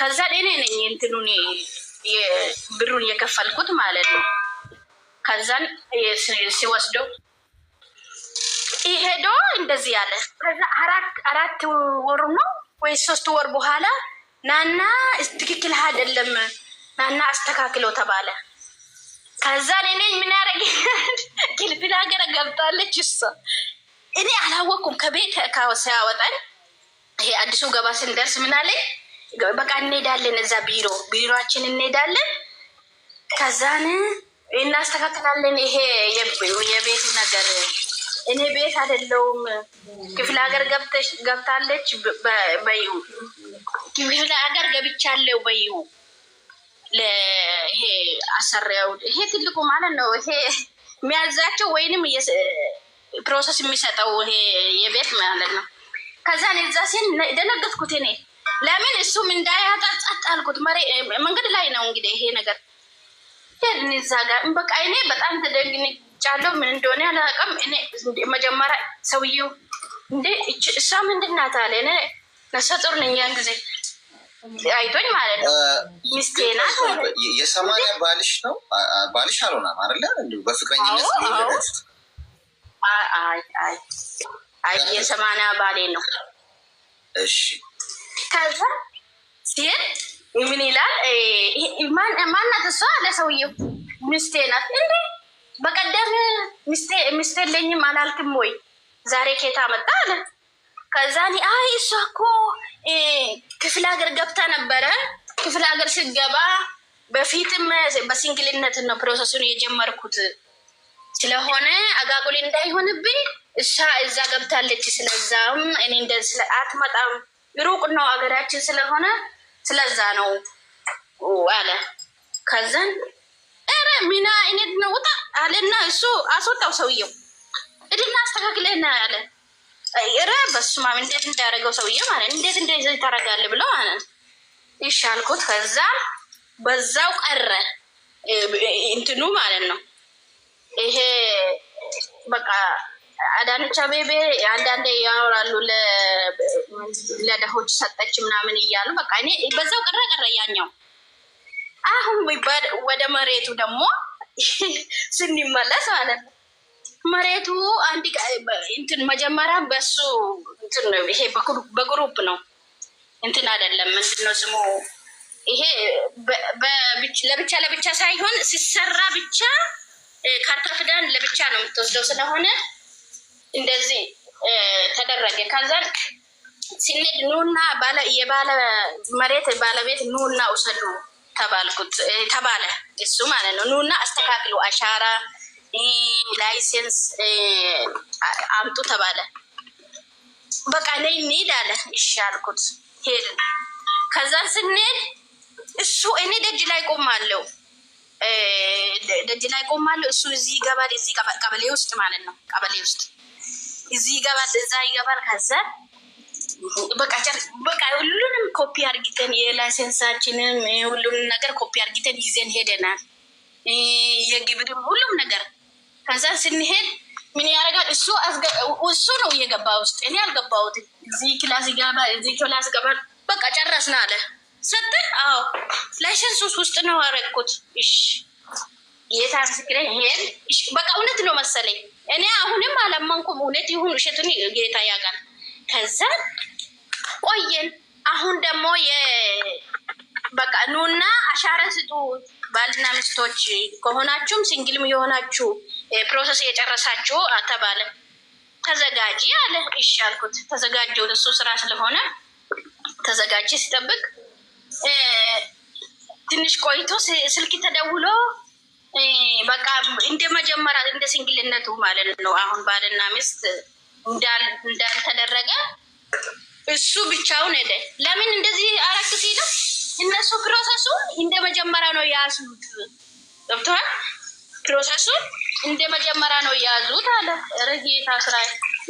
ከዛ እኔ ነኝ እንትኑን ብሩን የከፈልኩት ማለት ነው። ከዛን ሲወስዶ ይሄዶ እንደዚህ ያለ ከዛ አራት ወር ነው ወይ ሶስት ወር በኋላ ናና ትክክል አይደለም ናና አስተካክሎ ተባለ። ከዛ እኔ ምን ያደረግ ግልብል ሀገር ገብታለች እሷ እኔ አላወቅኩም። ከቤት ሲያወጣን ይሄ አዲሱ ገባ ስንደርስ ምናለኝ በቃ እንሄዳለን፣ እዛ ቢሮ ቢሮችን እንሄዳለን። ከዛን እናስተካክላለን። ይሄ የቤት ነገር እኔ ቤት አይደለውም። ክፍለ ሀገር ገብታለች በይው ክፍለ ሀገር ገብቻለሁ በይው ለይሄ አሰሪያው ይሄ ትልቁ ማለት ነው። ይሄ የሚያዛቸው ወይንም ፕሮሰስ የሚሰጠው ይሄ የቤት ማለት ነው። ከዛን እዛ ሲል ደነገጥኩት እኔ ለምን እሱም እንዳያጣ ጸጥ አልኩት። መንገድ ላይ ነው እንግዲህ ይሄ ነገር ሄድን እዛ ጋር በቃ እኔ በጣም ተደንግጫለሁ። ምን እንደሆነ አላውቅም። እኔ መጀመሪያ ሰውየው እንዴ እሷ ምንድን ናት አለ። እኔ ነፍሰ ጡር ነኝ ያን ጊዜ አይቶኝ ማለት ነው። ሚስቴ ናት የሰማሪያ ባልሽ ነው ባልሽ አልሆናም አለ በፍቅረኝነት አይ አይ አይ የሰማንያ ባሌ ነው። እሺ ከዛ ሲል ምን ይላል? ማናት እሷ ለሰውየው ሚስቴ ናት እንዴ? በቀደም ሚስቴ የለኝም አላልክም ወይ? ዛሬ ኬታ መጣ አለ። ከዛ አይ እሷ እኮ ክፍለ ሀገር ገብታ ነበረ። ክፍለ ሀገር ስትገባ በፊትም በሲንግልነት ነው ፕሮሰሱን የጀመርኩት ስለሆነ አጋጉል እንዳይሆንብኝ እሷ እዛ ገብታለች። ስለዛም እኔ እንደ አትመጣም ሩቅ ነው ሀገራችን ስለሆነ ስለዛ ነው አለ። ከዘን ኧረ ሚና አይነት ነው ውጣ አለና እሱ አስወጣው ሰውየው እድና አስተካክለና አለ። ኧረ በሱማም እንዴት እንዳያደረገው ሰውየው ማለት እንዴት እንደዚህ ታደርጋለህ ብለው አለ። ይሻልኩት ከዛ በዛው ቀረ እንትኑ ማለት ነው ይሄ በቃ አዳነች አቤቤ አንዳንዴ ያወራሉ ለደሆች ሰጠች ምናምን እያሉ በቃ እኔ በዛው ቀረ ቀረ ያኛው አሁን ወደ መሬቱ ደግሞ ስንመለስ ማለት ነው። መሬቱ አንድ እንትን መጀመሪያ በሱ እንትን ይሄ በግሩፕ ነው እንትን አይደለም ምንድን ነው ስሙ ይሄ ለብቻ ለብቻ ሳይሆን ሲሰራ ብቻ ካርታ ፍዳን ለብቻ ነው የምትወስደው ስለሆነ እንደዚህ ተደረገ። ከዛን ስንሄድ ኑና የባለ መሬት ባለቤት ኑና ውሰዱ ተባልኩት ተባለ። እሱ ማለት ነው ኑና አስተካክሉ፣ አሻራ ላይሴንስ አምጡ ተባለ። በቃ ነይ እንሂድ አለ። እሺ አልኩት። ሄድ ከዛን ስንሄድ እሱ እኔ ደጅ ላይ ቆማለሁ ደጅ ላይ ቆማለሁ። እሱ እዚህ ይገባል፣ እዚህ ቀበሌ ውስጥ ማለት ነው ቀበሌ ውስጥ እዚህ ይገባል፣ እዛ ይገባል። ከዛ በቃ በቃ ሁሉንም ኮፒ አርጊተን የላይሰንሳችንም ሁሉንም ነገር ኮፒ አርጊተን ይዘን ሄደናል። የግብርም ሁሉም ነገር ከዛ ስንሄድ ምን ያደርጋል እሱ እሱ ነው እየገባ ውስጥ እኔ አልገባሁትም። እዚህ ክላስ ይገባል፣ እዚህ ክላስ ይገባል። በቃ ጨረስን አለ ሰጠን። አዎ ላይሰንሱስ ውስጥ ነው አረግኩት። እሺ ጌታ ምስክሬ ይሄን በቃ እውነት ነው መሰለኝ እኔ አሁንም አላመንኩም። እውነት ይሁን ውሸቱን ጌታ ያውቃል። ከዛ ቆየን። አሁን ደግሞ በቃ ኑና አሻራ ስጡ ባልና ሚስቶች ከሆናችሁም ሲንግልም የሆናችሁ ፕሮሰስ የጨረሳችሁ ተባለ። ተዘጋጂ አለ። እሺ አልኩት። ተዘጋጀው እሱ ስራ ስለሆነ ተዘጋጀ ሲጠብቅ ትንሽ ቆይቶ ስልክ ተደውሎ በቃ እንደ መጀመሪያ እንደ ሲንግልነቱ ማለት ነው። አሁን ባልና ሚስት እንዳልተደረገ እሱ ብቻውን ሄደ። ለምን እንደዚህ አረክ ሲሉ እነሱ ፕሮሰሱን እንደ መጀመሪያ ነው የያዙት። ገብተዋል። ፕሮሰሱን እንደ መጀመሪያ ነው የያዙት አለ። ረጌታ ስራ።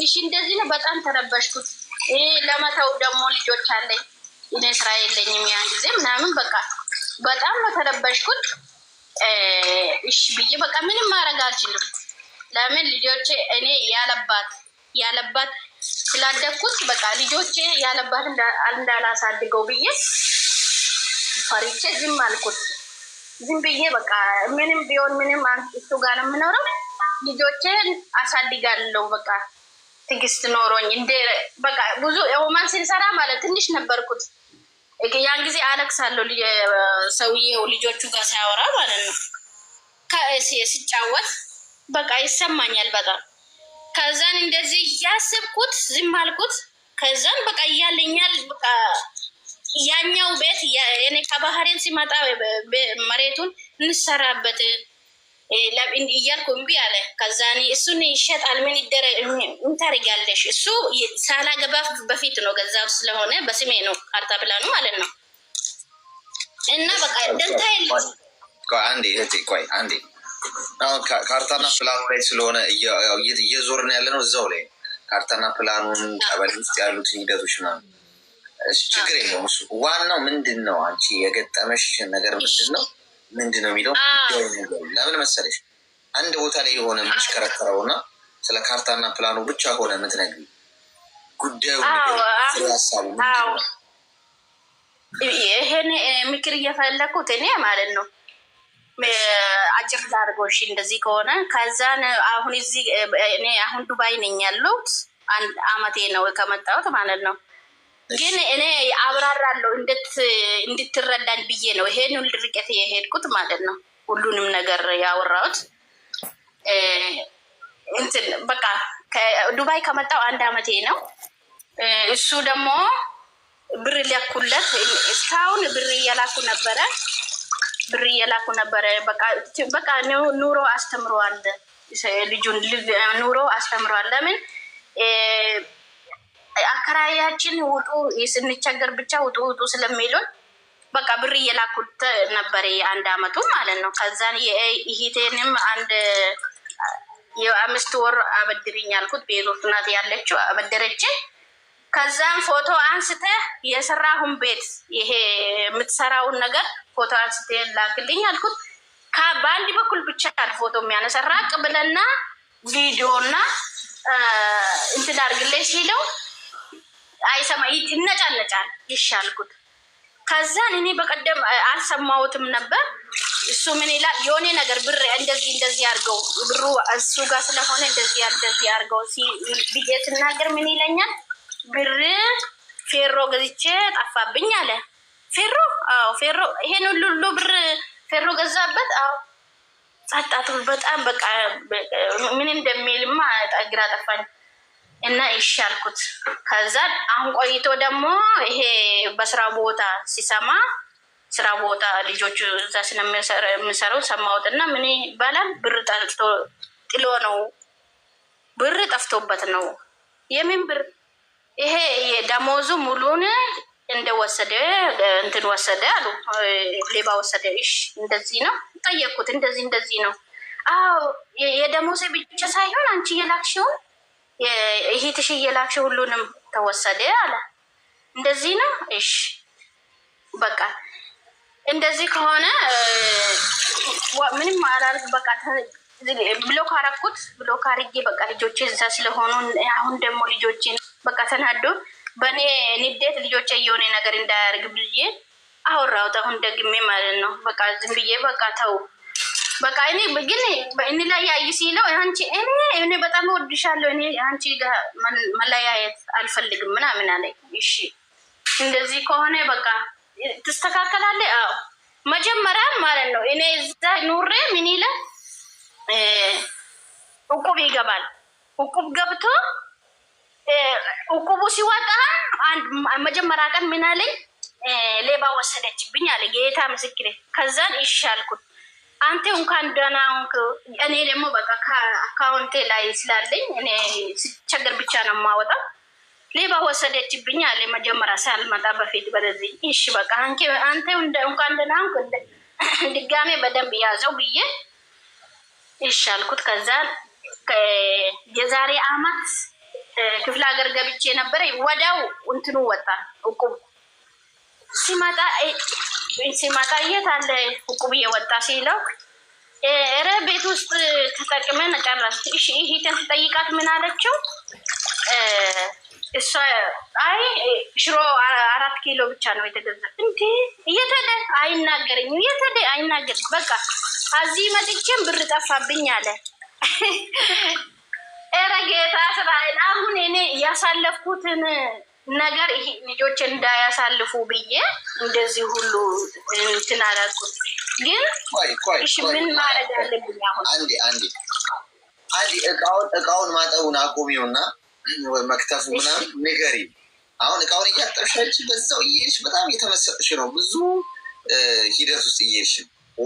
እሺ እንደዚህ ነው። በጣም ተረበሽኩት። ይህ ለመተው ደግሞ ልጆች አለኝ እኔ ስራ የለኝም ያን ጊዜ ምናምን በቃ በጣም ነው ተረበሽኩት። እሺ ብዬ በቃ ምንም ማድረግ አልችልም። ለምን ልጆቼ እኔ ያለባት ያለባት ስላደኩት በቃ ልጆቼ ያለባት እንዳላሳድገው ብዬ ፈሪቼ ዝም አልኩት። ዝም ብዬ በቃ ምንም ቢሆን ምንም እሱ ጋር የምኖረው። ልጆቼን አሳድጋለሁ በቃ ትግስት ኖሮኝ እንደ በቃ ብዙ ሮማን ስንሰራ ማለት ትንሽ ነበርኩት ያን ጊዜ አለቅሳለሁ። ሰውዬው ልጆቹ ጋር ሳያወራ ማለት ነው ሲጫወት በቃ ይሰማኛል በጣም ከዛን እንደዚህ እያስብኩት ዝም አልኩት። ከዛን በቃ እያለኛል ያኛው ቤት እኔ ከባህሬን ሲመጣ መሬቱን እንሰራበት Eh, እያልኩ እምቢ አለ። ከዛ እሱን ይሸጣል ምን እንታደርጊያለሽ? እሱ ሳላገባ በፊት ነው ገዛው ስለሆነ በስሜ ነው ካርታ ፕላኑ ማለት ነው። እና በቃ ደልታ የለ አንዴ ቆይ አንዴ ካርታና ፕላኑ ላይ ስለሆነ እየዞርን ያለ ነው። እዛው ላይ ካርታና ፕላኑን ቀበሌ ውስጥ ያሉትን ሂደቶች ና ችግር የለውም። ዋናው ምንድን ነው? አንቺ የገጠመሽ ነገር ምንድን ነው? ምንድን ነው የሚለው ለምን መሰለሽ አንድ ቦታ ላይ የሆነ የምሽከረከረው እና ስለ ካርታና ፕላኑ ብቻ ሆነ የምትነግሪው ጉዳዩ ይሄን ምክር እየፈለኩት እኔ ማለት ነው። አጭር ዳርጎሽ እንደዚህ ከሆነ ከዛን አሁን እዚህ እኔ አሁን ዱባይ ነኝ ያለሁት። አንድ አመቴ ነው ከመጣሁት ማለት ነው። ግን እኔ አብራራለሁ እንድትረዳን ብዬ ነው ሁሉ ድርቀት የሄድኩት ማለት ነው። ሁሉንም ነገር ያወራሁት እንትን በቃ ዱባይ ከመጣው አንድ አመቴ ነው። እሱ ደግሞ ብር ሊያኩለት እስካሁን ብር እየላኩ ነበረ ብር እየላኩ ነበረ። በቃ ኑሮ አስተምረዋል ልጁን ኑሮ አስተምረዋል። ለምን አከራያችን ውጡ ስንቸገር ብቻ ውጡ ውጡ ስለሚሉን በቃ ብር እየላኩት ነበር የአንድ አመቱ ማለት ነው። ከዛን ይሄቴንም አንድ የአምስት ወር አበድሪኝ አልኩት። ቤይሩት ናት ያለችው አበደረች። ከዛን ፎቶ አንስተ የሰራሁን ቤት ይሄ የምትሰራውን ነገር ፎቶ አንስተ ላክልኝ አልኩት። በአንድ በኩል ብቻ ያል ፎቶ የሚያነሳ ራቅ ብለና ቪዲዮና እንትን አድርግልኝ ሲለው አይሰማ ይነጫነጫል። ይሻልኩት ከዛን እኔ በቀደም አልሰማሁትም ነበር። እሱ ምን ይላል የሆነ ነገር ብር እንደዚህ እንደዚህ አድርገው ብሩ እሱ ጋር ስለሆነ እንደዚህ እንደዚህ አድርገው ብዬ ስናገር ምን ይለኛል? ብር ፌሮ ገዝቼ ጠፋብኝ አለ። ፌሮ አዎ፣ ፌሮ ይሄን ሁሉ ብር ፌሮ ገዛበት። አዎ ጸጣቱ በጣም በቃ ምን እንደሚልማ ግራ ጠፋኝ። እና ይሻልኩት ከዛ አሁን ቆይቶ ደግሞ ይሄ በስራ ቦታ ሲሰማ ስራ ቦታ ልጆቹ እዛ ስለምሰራው ሰማሁት እና ምን ይባላል ብር ጠልቶ ጥሎ ነው ብር ጠፍቶበት ነው። የምን ብር ይሄ ደሞዙ ሙሉን እንደወሰደ እንትን ወሰደ አሉ። ሌባ ወሰደ። እሺ እንደዚህ ነው ጠየቅኩት። እንደዚህ እንደዚህ ነው አዎ የደሞዜ ብቻ ሳይሆን አንቺ የላክሽውን ይሄ ትሽዬ ሁሉንም ተወሰደ አለ። እንደዚህ ነው። እሺ በቃ እንደዚህ ከሆነ ምንም አላርግ በቃ ብሎክ አረኩት። ብሎክ አርጌ በቃ ልጆቼ እዛ ስለሆኑ አሁን ደግሞ ልጆችን በቃ ተናዶ በእኔ ንዴት ልጆች የሆነ ነገር እንዳያደርግ ብዬ አወራሁት። አሁን ደግሜ ማለት ነው በቃ ዝም ብዬ በቃ ተው በቃ እኔ ግን እኔ ላይ ያዩ ሲለው አንቺ እኔ እኔ በጣም ወድሻለሁ እኔ አንቺ ጋር መለያየት አልፈልግም ምናምን አለኝ። እሺ እንደዚህ ከሆነ በቃ ትስተካከላለህ። አዎ መጀመሪያም ማለት ነው እኔ እዛ ኑሬ ምን ይለ እቁብ ይገባል። እቁብ ገብቶ እቁቡ ሲወጣ መጀመሪያ ቀን ምን አለኝ ሌባ ወሰደችብኝ አለ። ጌታ ምስክሬ። ከዛን ይሻልኩት አንተ እንኳን ደህና ሆንክ። እኔ ደግሞ በቃ ከአካውንቴ ላይ ስላለኝ እኔ ስቸገር ብቻ ነው የማወጣው። ሌባ ወሰደችብኝ አለ መጀመሪያ ሳልመጣ በፊት። በለዚህ እሺ በቃ አንተ እንኳን ደህና ሆንክ፣ ድጋሜ በደንብ ያዘው ብዬ እሺ አልኩት። ከዛ የዛሬ አመት ክፍለ ሀገር ገብቼ ነበረ። ወዲያው እንትኑ ወጣ እቁብ ሲመጣ ቤት ማሳየት አለ ቁቁብ እየወጣ ሲለው ኧረ ቤት ውስጥ ተጠቅመን ጨረስ። እሺ ይሄን ስጠይቃት ምን አለችው? እሷ አይ ሽሮ አራት ኪሎ ብቻ ነው የተገዛ። እንዲ እየተደ አይናገረኝም፣ እየተደ አይናገር በቃ እዚህ መጥቼም ብር ጠፋብኝ አለ። ኧረ ጌታ ስራ አሁን እኔ እያሳለፍኩትን ነገር ይሄ ልጆች እንዳያሳልፉ ብዬ እንደዚህ ሁሉ እንትን አላልኩም። ግን እሺ ምን ማድረግ አለብኝ አሁን? አንዴ አንዴ አንዴ እቃውን እቃውን ማጠቡን አቁሚውና ወይ መክተፉ ምናምን ንገሪ። አሁን እቃውን እያጠብሻች በዛው እየሄድሽ በጣም እየተመሰጥሽ ነው፣ ብዙ ሂደት ውስጥ እየሄድሽ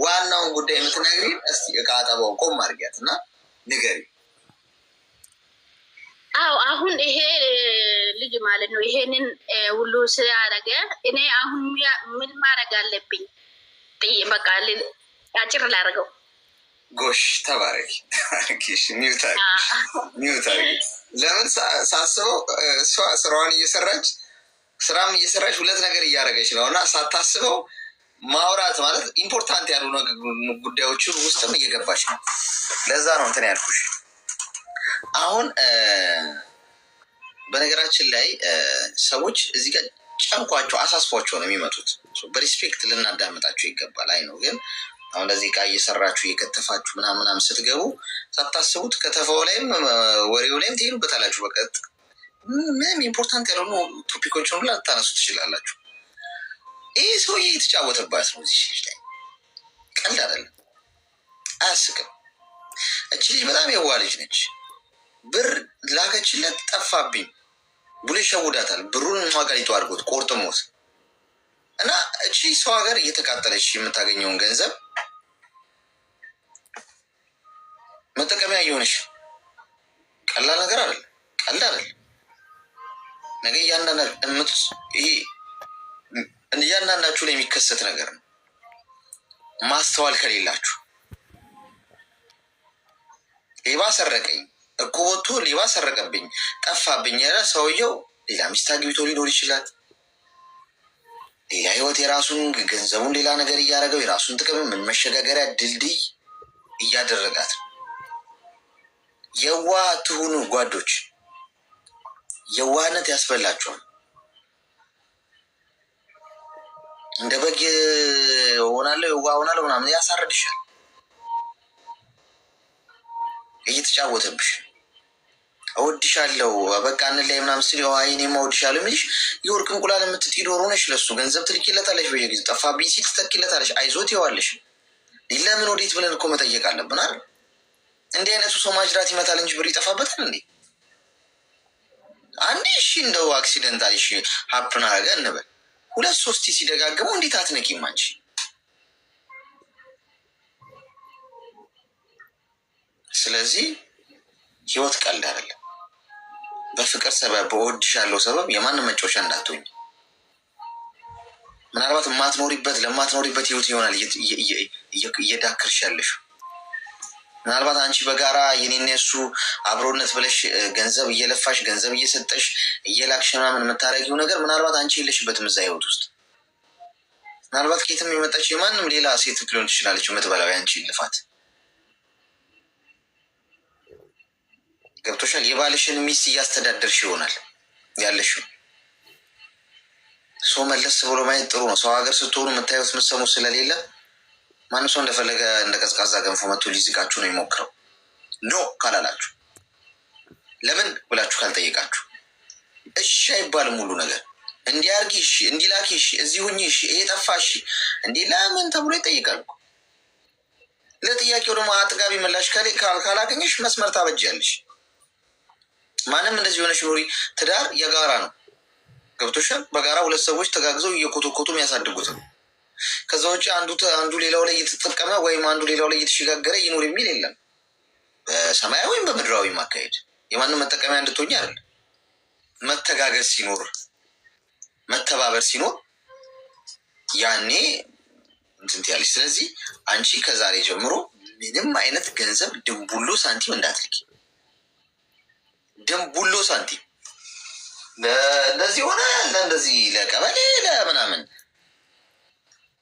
ዋናውን ጉዳይ የምትነግሪ እስቲ እቃ አጠባውን ቆም አድርጊያት እና ንገሪ። አዎ አሁን ይሄ ልጅ ማለት ነው። ይሄንን ሁሉ ስላደረገ እኔ አሁን ምን ማድረግ አለብኝ? በቃ አጭር ላደርገው። ጎሽ ተባረኪ። ለምን ሳስበው እሷ ስራዋን እየሰራች ስራም እየሰራች ሁለት ነገር እያደረገች ነው እና ሳታስበው ማውራት ማለት ኢምፖርታንት ያሉ ጉዳዮችን ውስጥም እየገባች ነው። ለዛ ነው እንትን ያልኩሽ አሁን በነገራችን ላይ ሰዎች እዚህ ጋር ጨንኳቸው አሳስፏቸው ነው የሚመጡት። በሪስፔክት ልናዳመጣቸው ይገባል። አይ ነው ግን አሁን ለዚህ ዕቃ እየሰራችሁ እየከተፋችሁ ምናምን ምናምን ስትገቡ ሳታስቡት ከተፋው ላይም ወሬው ላይም ትሄዱበታላችሁ። በቀጥ ምንም ኢምፖርታንት ያልሆኑ ቶፒኮችን ሁላ ልታነሱ ትችላላችሁ። ይህ ሰውዬ የተጫወተባት ነው። እዚህ ልጅ ላይ ቀልድ አይደለም፣ አያስቅም። እች ልጅ በጣም የዋ ልጅ ነች። ብር ላከችለት ጠፋብኝ ብሎ ይሸውዳታል። ብሩን ማጋሊቱ አድርጎት ቆርጦ መውሰድ እና እቺ ሰው ሀገር እየተቃጠለች የምታገኘውን ገንዘብ መጠቀሚያ እየሆነች ቀላል ነገር አለ ቀላል አይደለም። ነገ እያንዳንዳችሁ ላይ የሚከሰት ነገር ነው። ማስተዋል ከሌላችሁ ሌባ ሰረቀኝ እቁብ ወጥቶ ሌባ ሰረቀብኝ፣ ጠፋብኝ ያለ ሰውየው ሌላ ሚስት አግብቶ ሊኖር ይችላል። ሌላ ህይወት የራሱን ገንዘቡን ሌላ ነገር እያደረገው የራሱን ጥቅም ምን መሸጋገሪያ ድልድይ እያደረጋት ነው። የዋህ ትሁኑ ጓዶች፣ የዋህነት ያስፈላችኋል። እንደ በግ ሆናለሁ የዋህ ሆናለሁ ምናምን ያሳርድሻል እየተጫወተብሽ እወድሻለሁ በቃ ላይ ምናምን ስል አይኔማ እወድሻለሁ የሚልሽ የወርቅ እንቁላል የምትጥይ ዶሮ ነሽ። ለሱ ገንዘብ ትልኪለታለሽ፣ በየጊዜው ጠፋብኝ ሲል ትተኪለታለሽ፣ አይዞት ይዋለሽ። ለምን ወዴት ብለን እኮ መጠየቅ አለብን አይደል? እንዲህ አይነቱ ሰው ማጅራት ይመታል እንጂ ብር ይጠፋበታል እንዴ? አንዴ እሺ እንደው አክሲደንት አይሽ ሀፕን አረገ እንበል፣ ሁለት ሶስት ሲደጋግመው እንዴት አትነቂም አንቺ? ስለዚህ ህይወት ቀልድ አይደለም። በፍቅር ሰበብ በወድሻለሁ ሰበብ የማንም መጫወቻ እንዳትሆኝ። ምናልባት የማትኖሪበት ለማትኖሪበት ህይወት ይሆናል እየዳክርሽ ያለሽ። ምናልባት አንቺ በጋራ የኔና የሱ አብሮነት ብለሽ ገንዘብ እየለፋሽ ገንዘብ እየሰጠሽ እየላክሽ ምናምን የምታደርጊው ነገር ምናልባት አንቺ የለሽበትም እዛ ህይወት ውስጥ። ምናልባት ከየትም የመጣች የማንም ሌላ ሴት ሊሆን ትችላለች የምትበላው አንቺ ልፋት ገብቶሻል። የባልሽን ሚስት እያስተዳደርሽ ይሆናል ያለሽው። ሰው መለስ ብሎ ማየት ጥሩ ነው። ሰው ሀገር ስትሆኑ የምታዩት ምሰሙ ስለሌለ ማንም ሰው እንደፈለገ እንደ ቀዝቃዛ ገንፎ መቶ ሊዝቃችሁ ነው የሚሞክረው። ኖ ካላላችሁ ለምን ብላችሁ ካልጠየቃችሁ እሺ አይባልም። ሙሉ ነገር እንዲያርጊ እሺ፣ እንዲላኪ እሺ፣ እዚህ ሁኚ እሺ፣ ይሄ ጠፋ እሺ፣ እንዲህ ለምን ተብሎ ይጠይቃል። ለጥያቄው ደግሞ አጥጋቢ ምላሽ ካላገኘሽ መስመር ያለሽ ማንም እንደዚህ የሆነች ኖሪ። ትዳር የጋራ ነው። ገብቶሻል። በጋራ ሁለት ሰዎች ተጋግዘው እየኮቶኮቱ የሚያሳድጉት ነው። ከዛ ውጭ አንዱ አንዱ ሌላው ላይ እየተጠቀመ ወይም አንዱ ሌላው ላይ እየተሸጋገረ ይኖር የሚል የለም። በሰማያዊ ወይም በምድራዊ ማካሄድ የማንም መጠቀሚያ እንድትሆኝ አይደል። መተጋገዝ ሲኖር፣ መተባበር ሲኖር ያኔ እንትን ትያለሽ። ስለዚህ አንቺ ከዛሬ ጀምሮ ምንም አይነት ገንዘብ ድንቡሎ ሳንቲም እንዳትልኪ። ደም ቡሎ ሳንቲም እንደዚህ ሆነ እንደዚህ ለቀበሌ ለምናምን